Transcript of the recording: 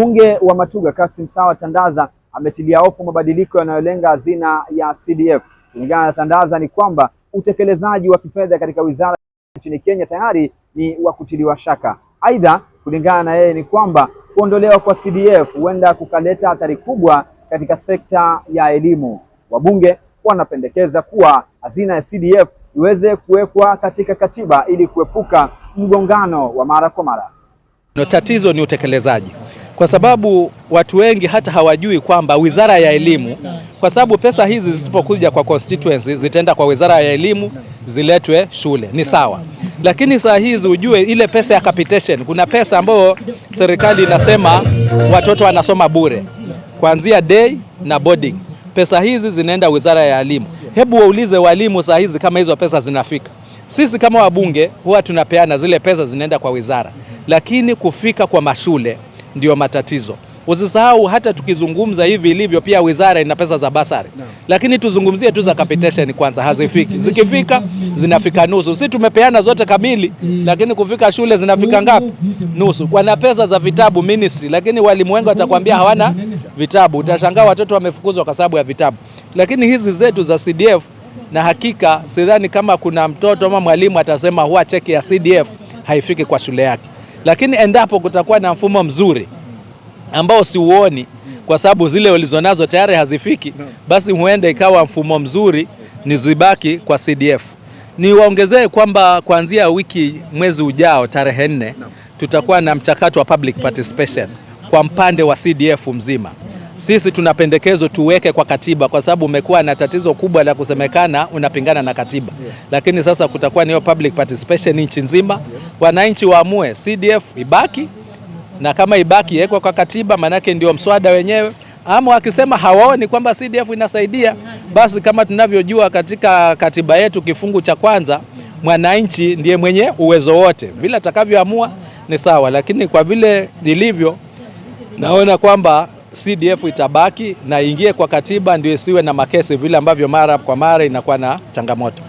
Mbunge wa Matuga Kasim Sawa Tandaza ametilia hofu mabadiliko yanayolenga hazina ya CDF. Kulingana na Tandaza ni kwamba utekelezaji wa kifedha katika wizara nchini Kenya tayari ni wa kutiliwa shaka. Aidha, kulingana na yeye ni kwamba kuondolewa kwa CDF huenda kukaleta athari kubwa katika sekta ya elimu. Wabunge wanapendekeza kuwa hazina ya CDF iweze kuwekwa katika katiba ili kuepuka mgongano wa mara kwa mara. No, tatizo ni utekelezaji kwa sababu watu wengi hata hawajui kwamba wizara ya elimu, kwa sababu pesa hizi zisipokuja kwa constituency zitaenda kwa wizara ya elimu, ziletwe shule, ni sawa. Lakini saa hizi ujue ile pesa ya capitation, kuna pesa ambayo serikali inasema watoto wanasoma bure kuanzia day na boarding. Pesa hizi zinaenda wizara ya elimu. Hebu waulize walimu saa hizi kama hizo pesa zinafika. Sisi kama wabunge huwa tunapeana zile pesa, zinaenda kwa wizara, lakini kufika kwa mashule ndio matatizo. Usisahau hata tukizungumza hivi ilivyo, pia wizara ina pesa za basari no. Lakini tuzungumzie tu za capitation kwanza, hazifiki. Zikifika zinafika nusu. Si tumepeana zote kamili, lakini kufika shule zinafika ngapi? Nusu. Kuna pesa za vitabu ministry, lakini walimu wengi watakwambia hawana vitabu. Utashangaa watoto wamefukuzwa kwa sababu ya vitabu. Lakini hizi zetu za CDF na hakika sidhani kama kuna mtoto ama mwalimu atasema huwa cheki ya CDF haifiki kwa shule yake. Lakini endapo kutakuwa na mfumo mzuri ambao siuoni, kwa sababu zile walizonazo tayari hazifiki, basi huenda ikawa mfumo mzuri ni zibaki kwa CDF. Niwaongezee kwamba kuanzia wiki mwezi ujao tarehe nne tutakuwa na mchakato wa public participation kwa mpande wa CDF mzima. Sisi tuna pendekezo tuweke kwa katiba, kwa sababu umekuwa na tatizo kubwa la kusemekana unapingana na katiba yes. Lakini sasa kutakuwa ni public participation nchi nzima yes. Wananchi waamue, CDF ibaki na kama ibaki iwekwe kwa katiba, maanake ndio mswada wenyewe ama wakisema hawaoni kwamba CDF inasaidia, basi kama tunavyojua katika katiba yetu kifungu cha kwanza, mwananchi ndiye mwenye uwezo wote, vile atakavyoamua ni sawa. Lakini kwa vile ilivyo, naona kwamba CDF itabaki na ingie kwa katiba ndio isiwe na makesi vile ambavyo mara kwa mara inakuwa na changamoto.